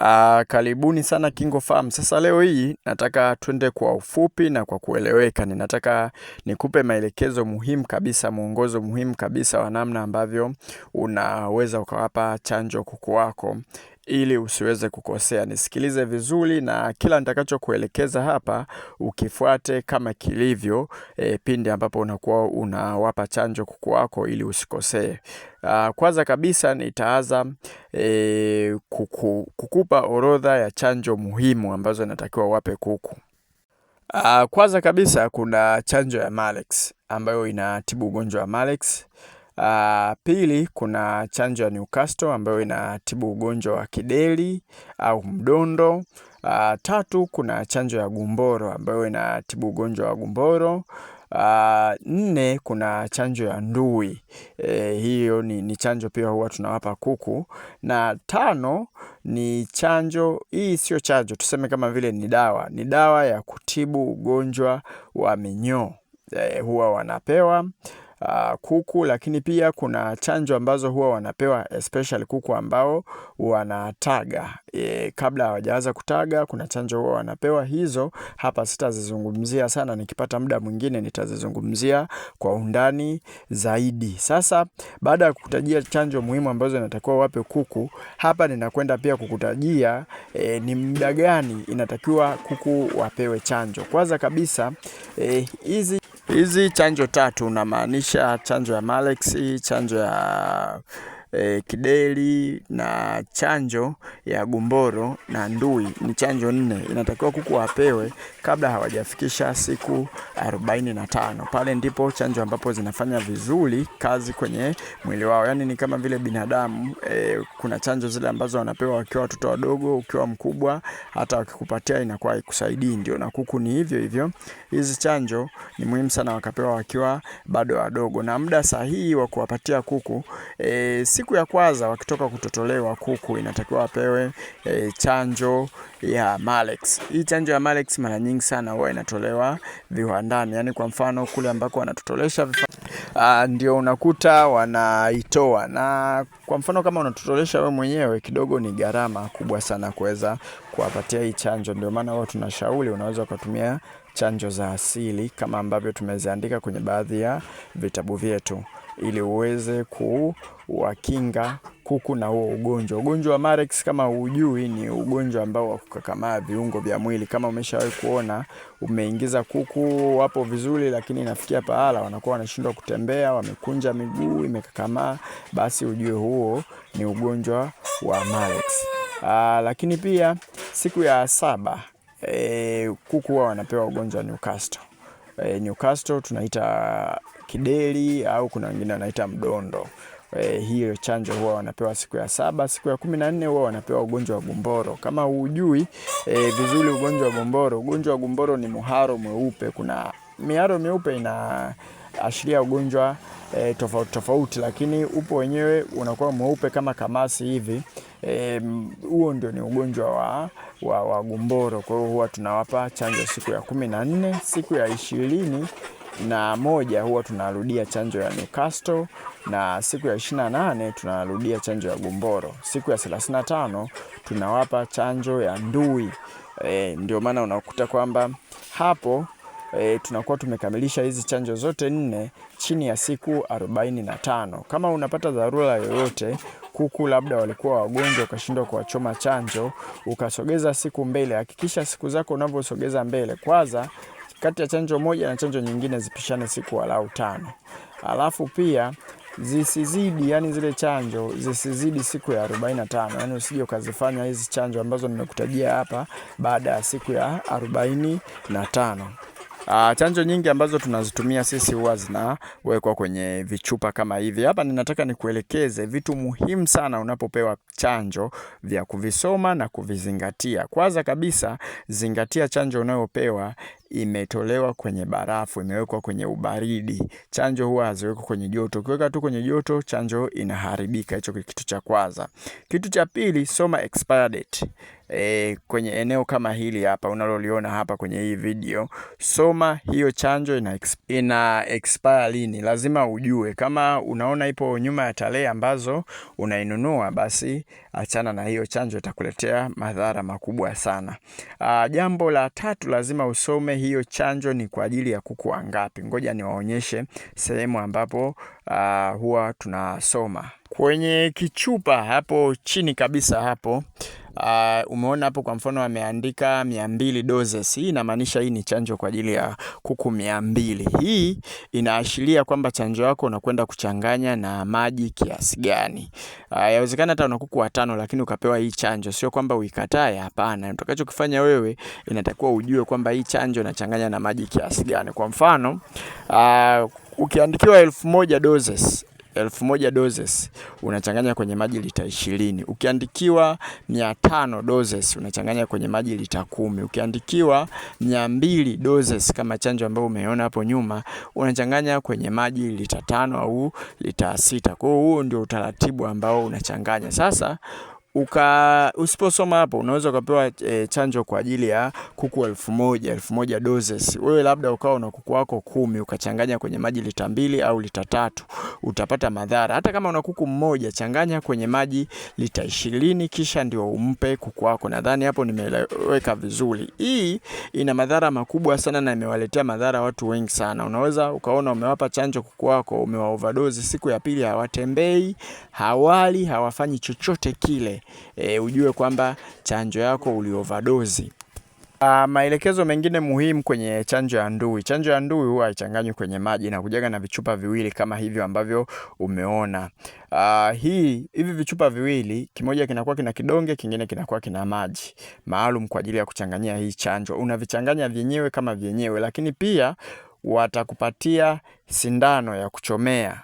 Uh, karibuni sana kingo Farm. Sasa leo hii nataka twende kwa ufupi na kwa kueleweka. Ninataka nikupe maelekezo muhimu kabisa, mwongozo muhimu kabisa wa namna ambavyo unaweza ukawapa chanjo kuku wako ili usiweze kukosea. Nisikilize vizuri na kila nitakachokuelekeza hapa ukifuate kama kilivyo, e, pindi ambapo unakuwa unawapa chanjo kuku wako ili usikosee. Kwanza kabisa nitaanza e, kuku, kukupa orodha ya chanjo muhimu ambazo inatakiwa wape kuku. Kwanza kabisa kuna chanjo ya Malex ambayo inatibu ugonjwa wa Malex. Uh, pili kuna chanjo ya Newcastle ambayo inatibu ugonjwa wa kideri au mdondo. Uh, tatu kuna chanjo ya gumboro ambayo inatibu ugonjwa wa gumboro. Uh, nne kuna chanjo ya ndui e, hiyo ni, ni chanjo pia huwa tunawapa kuku. Na tano ni chanjo, hii sio chanjo, tuseme kama vile ni dawa, ni dawa ya kutibu ugonjwa wa minyoo e, huwa wanapewa uh, kuku, lakini pia kuna chanjo ambazo huwa wanapewa especially kuku ambao wanataga e, kabla hawajaanza kutaga, kuna chanjo huwa wanapewa. Hizo hapa sitazizungumzia sana, nikipata muda mwingine nitazizungumzia kwa undani zaidi. Sasa baada ya kukutajia chanjo muhimu ambazo inatakiwa wape kuku, hapa ninakwenda pia kukutajia e, ni muda gani inatakiwa kuku wapewe chanjo. Kwanza kabisa e, hizi e, Hizi chanjo tatu unamaanisha chanjo ya Malex, chanjo ya e, kideri na chanjo ya gumboro na ndui ni chanjo nne. Inatakiwa kuku wapewe kabla hawajafikisha siku 45. Pale ndipo chanjo ambapo zinafanya vizuri kazi kwenye mwili wao, yaani ni kama vile binadamu e, kuna chanjo zile ambazo wanapewa wakiwa watoto wadogo, ukiwa mkubwa, hata wakikupatia inakuwa ikusaidii. Ndio na kuku ni hivyo hivyo. Hizi chanjo ni muhimu sana wakapewa wakiwa bado wadogo, na muda sahihi wa kuwapatia kuku e, siku ya kwanza wakitoka kutotolewa kuku inatakiwa wapewe e, chanjo ya Malex. Hii chanjo ya Malex mara nyingi sana huwa inatolewa viwandani, yani kwa mfano kule ambako wanatotolesha vifaa ndio unakuta wanaitoa, na kwa mfano kama unatotolesha wewe mwenyewe kidogo ni gharama kubwa sana kuweza kuwapatia hii chanjo, ndio maana huwa tunashauri unaweza ukatumia chanjo za asili kama ambavyo tumeziandika kwenye baadhi ya vitabu vyetu ili uweze kuwakinga kuku na huo ugonjwa. Ugonjwa wa marex kama hujui, ni ugonjwa ambao wa kukakamaa viungo vya mwili. Kama umeshawahi kuona, umeingiza kuku wapo vizuri, lakini inafikia pahala wanakuwa wanashindwa kutembea, wamekunja miguu, imekakamaa, basi ujue huo ni ugonjwa wa Marex. Aa, ah, lakini pia siku ya saba e, kuku huwa wanapewa ugonjwa wa Newcastle e, Newcastle tunaita kideli au kuna wengine wanaita mdondo. E, hiyo chanjo huwa wanapewa siku ya saba. Siku ya kumi na nne huwa wanapewa ugonjwa wa gumboro. Kama hujui e, vizuri ugonjwa wa gumboro, ugonjwa wa gumboro ni muharo mweupe. Kuna miharo meupe ashiria ugonjwa e, tofauti tofauti, lakini upo wenyewe unakuwa mweupe kama kamasi hivi huo e, ndio ni ugonjwa wa, wa, wa gumboro. Kwa hiyo huwa tunawapa chanjo siku ya kumi na nne, siku ya ishirini na moja huwa tunarudia chanjo ya Newcastle na siku ya 28 tunarudia chanjo ya gumboro. Siku ya 35 tunawapa chanjo ya ndui. E, ndio maana unakuta kwamba hapo e, tunakuwa tumekamilisha hizi chanjo zote nne chini ya siku 45. Kama unapata dharura yoyote kuku labda walikuwa wagonjwa, ukashindwa kuwachoma chanjo, ukasogeza siku mbele. Hakikisha siku zako unavyosogeza mbele, kwanza kati ya chanjo moja na chanjo nyingine zipishane siku walau tano, alafu pia zisizidi yani, zile chanjo zisizidi siku ya 45, yani usije ukazifanya hizi chanjo ambazo nimekutajia hapa baada ya siku ya 45. Uh, chanjo nyingi ambazo tunazitumia sisi huwa zinawekwa kwenye vichupa kama hivi. Hapa ninataka nikuelekeze vitu muhimu sana unapopewa chanjo vya kuvisoma na kuvizingatia. Kwanza kabisa, zingatia chanjo unayopewa imetolewa kwenye barafu, imewekwa kwenye ubaridi. Chanjo huwa haziwekwi kwenye joto. Ukiweka tu kwenye joto, chanjo inaharibika. Hicho kitu cha kwanza. Kitu cha pili, soma expired date. E, kwenye eneo kama hili hapa unaloliona hapa kwenye hii video, soma hiyo chanjo ina, ina expire lini. Lazima ujue kama unaona ipo nyuma ya tarehe ambazo unainunua, basi achana na hiyo chanjo, itakuletea madhara makubwa sana. A, jambo la tatu lazima usome hiyo chanjo ni kwa ajili ya kuku wangapi. Ngoja niwaonyeshe sehemu ambapo uh, huwa tunasoma Kwenye kichupa hapo chini kabisa hapo Uh, umeona hapo kwa mfano ameandika 200 doses. Hii inamaanisha hii ni chanjo kwa ajili ya kuku 200. Hii inaashiria kwamba chanjo yako unakwenda kuchanganya na maji kiasi gani. Uh, yawezekana hata una kuku watano lakini ukapewa hii chanjo. Sio kwamba uikatae, hapana. Utakachokifanya wewe inatakiwa ujue kwamba hii chanjo inachanganya na maji kiasi gani. Kwa mfano, uh, ukiandikiwa 1000 doses elfu moja doses unachanganya kwenye maji lita ishirini. Ukiandikiwa mia tano doses unachanganya kwenye maji lita kumi. Ukiandikiwa mia mbili doses kama chanjo ambayo umeona hapo nyuma unachanganya kwenye maji lita tano au lita sita. Kwa hiyo huo ndio utaratibu ambao unachanganya sasa uka usiposoma hapo unaweza ukapewa e, chanjo kwa ajili ya kuku elfu moja elfu moja doses. Wewe labda ukawa una kuku wako kumi ukachanganya kwenye maji lita mbili au lita tatu, utapata madhara. Hata kama una kuku mmoja, changanya kwenye maji lita ishirini kisha ndio umpe kuku wako. Nadhani hapo nimeweka vizuri. Hii ina madhara makubwa sana na imewaletea madhara watu wengi sana. Unaweza ukaona umewapa chanjo kuku wako, umewa overdose, siku ya pili hawatembei, hawali, hawafanyi chochote kile e, ujue kwamba chanjo yako uliovadozi. Uh, maelekezo mengine muhimu kwenye chanjo ya ndui. Chanjo ya ndui huwa haichanganywi kwenye maji na kujaga na vichupa viwili kama hivyo ambavyo umeona. Uh, hii hivi vichupa viwili, kimoja kinakuwa kina kidonge, kingine kinakuwa kina maji maalum kwa ajili ya kuchanganyia hii chanjo. Unavichanganya vyenyewe kama vyenyewe, lakini pia watakupatia sindano ya kuchomea.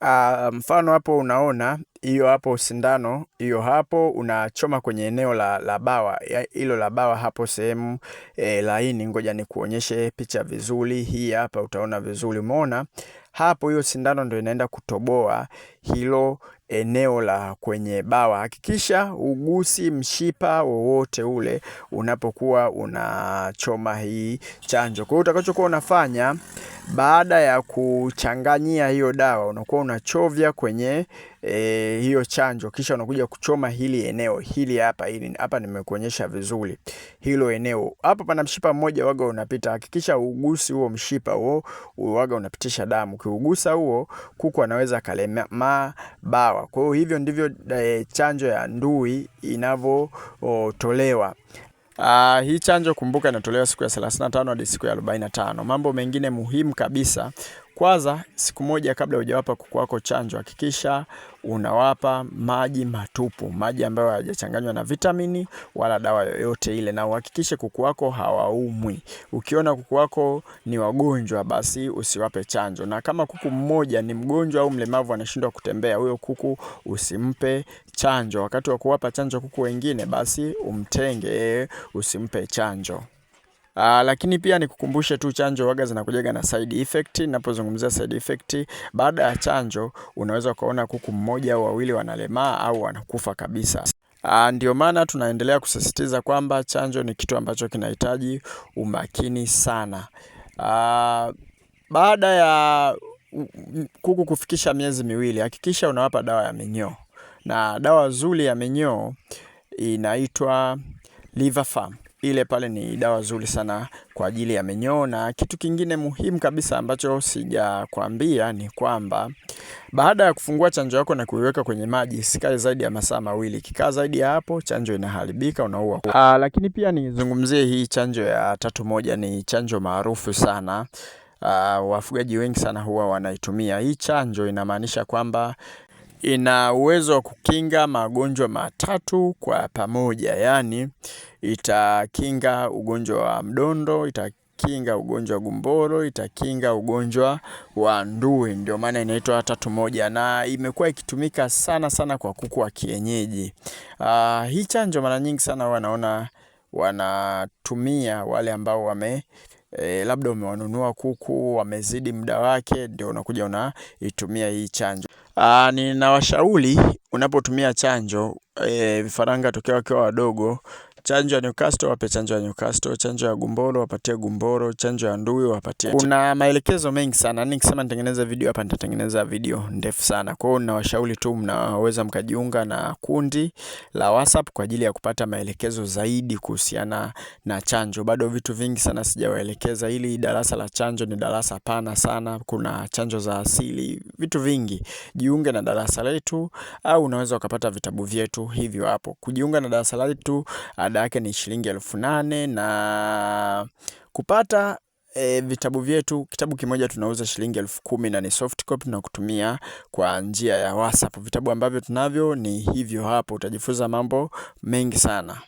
Uh, mfano hapo unaona hiyo hapo sindano hiyo hapo unachoma kwenye eneo la, la bawa hilo la bawa hapo sehemu e, laini. Ngoja nikuonyeshe picha vizuri, hii hapa utaona vizuri. Umeona hapo, hiyo sindano ndio inaenda kutoboa hilo eneo la kwenye bawa. Hakikisha ugusi mshipa wowote ule unapokuwa unachoma hii chanjo. Kwa hiyo utakachokuwa unafanya baada ya kuchanganyia hiyo dawa, unakuwa unachovya kwenye e, hiyo chanjo, kisha unakuja kuchoma hili eneo hili hapa. Hili hapa nimekuonyesha vizuri, hilo eneo hapa pana mshipa mmoja waga unapita. Hakikisha ugusi huo mshipa huo, waga unapitisha damu. Ukiugusa huo, kuku anaweza akalemaa bawa. Kwa hiyo hivyo ndivyo e, chanjo ya ndui inavyotolewa. Uh, hii chanjo kumbuka inatolewa siku ya 35 hadi siku ya 45. Mambo mengine muhimu kabisa kwanza, siku moja kabla hujawapa kuku wako chanjo, hakikisha unawapa maji matupu, maji ambayo hayajachanganywa na vitamini wala dawa yoyote ile, na uhakikishe kuku wako hawaumwi. Ukiona kuku wako ni wagonjwa, basi usiwape chanjo, na kama kuku mmoja ni mgonjwa au mlemavu anashindwa kutembea, huyo kuku usimpe chanjo. Wakati wa kuwapa chanjo kuku wengine, basi umtenge, ee, usimpe chanjo. Uh, lakini pia nikukumbushe tu chanjo waga zinakujega na side effect. Ninapozungumzia side effect, baada ya chanjo unaweza ukaona kuku mmoja au wawili wanalemaa au wanakufa kabisa. Ah, ndio maana tunaendelea kusisitiza kwamba chanjo ni kitu ambacho kinahitaji umakini sana. Aa, ah, baada ya kuku kufikisha miezi miwili, hakikisha unawapa dawa ya minyoo, na dawa nzuri ya minyoo inaitwa Livafarm ile pale ni dawa zuri sana kwa ajili ya minyoo. Na kitu kingine muhimu kabisa ambacho sijakwambia ni kwamba baada ya kufungua chanjo yako na kuiweka kwenye maji sikae zaidi ya masaa mawili. kikaa zaidi ya hapo, chanjo inaharibika, unaua. Aa, ah, lakini pia nizungumzie hii chanjo ya tatu moja, ni chanjo maarufu sana. Uh, wafugaji wengi sana huwa wanaitumia hii chanjo. Inamaanisha kwamba ina uwezo wa kukinga magonjwa matatu kwa pamoja, yaani itakinga ugonjwa wa mdondo, itakinga ugonjwa wa gumboro, itakinga ugonjwa wa ndui, ndio maana inaitwa tatu moja, na imekuwa ikitumika sana sana kwa kuku wa kienyeji. Uh, hii chanjo mara nyingi sana wanaona wanatumia wale ambao wame E, labda umewanunua kuku wamezidi muda wake, ndio unakuja unaitumia hii chanjo. Ah, ninawashauri unapotumia chanjo eh, vifaranga tokea wakiwa wadogo Chanjo ya Newcastle wape chanjo ya Newcastle, chanjo ya gumboro wapatie gumboro, chanjo ya ndui wapatie. Kuna maelekezo mengi sana, kusema nitengeneza video hapa nitatengeneza video ndefu sana. Kwa hiyo ninawashauri tu, mnaweza mkajiunga na kundi la WhatsApp kwa ajili ya kupata maelekezo zaidi kuhusiana na chanjo. Bado vitu vingi sana sijawaelekeza. ili darasa la chanjo ni darasa pana sana, kuna chanjo za asili, vitu vingi. Jiunge na darasa letu, au unaweza ukapata vitabu vyetu hivyo hapo. Kujiunga na darasa letu ada ah, yake ni shilingi elfu nane na kupata e, vitabu vyetu, kitabu kimoja tunauza shilingi elfu kumi na ni soft copy na kutumia kwa njia ya WhatsApp. Vitabu ambavyo tunavyo ni hivyo hapo, utajifunza mambo mengi sana.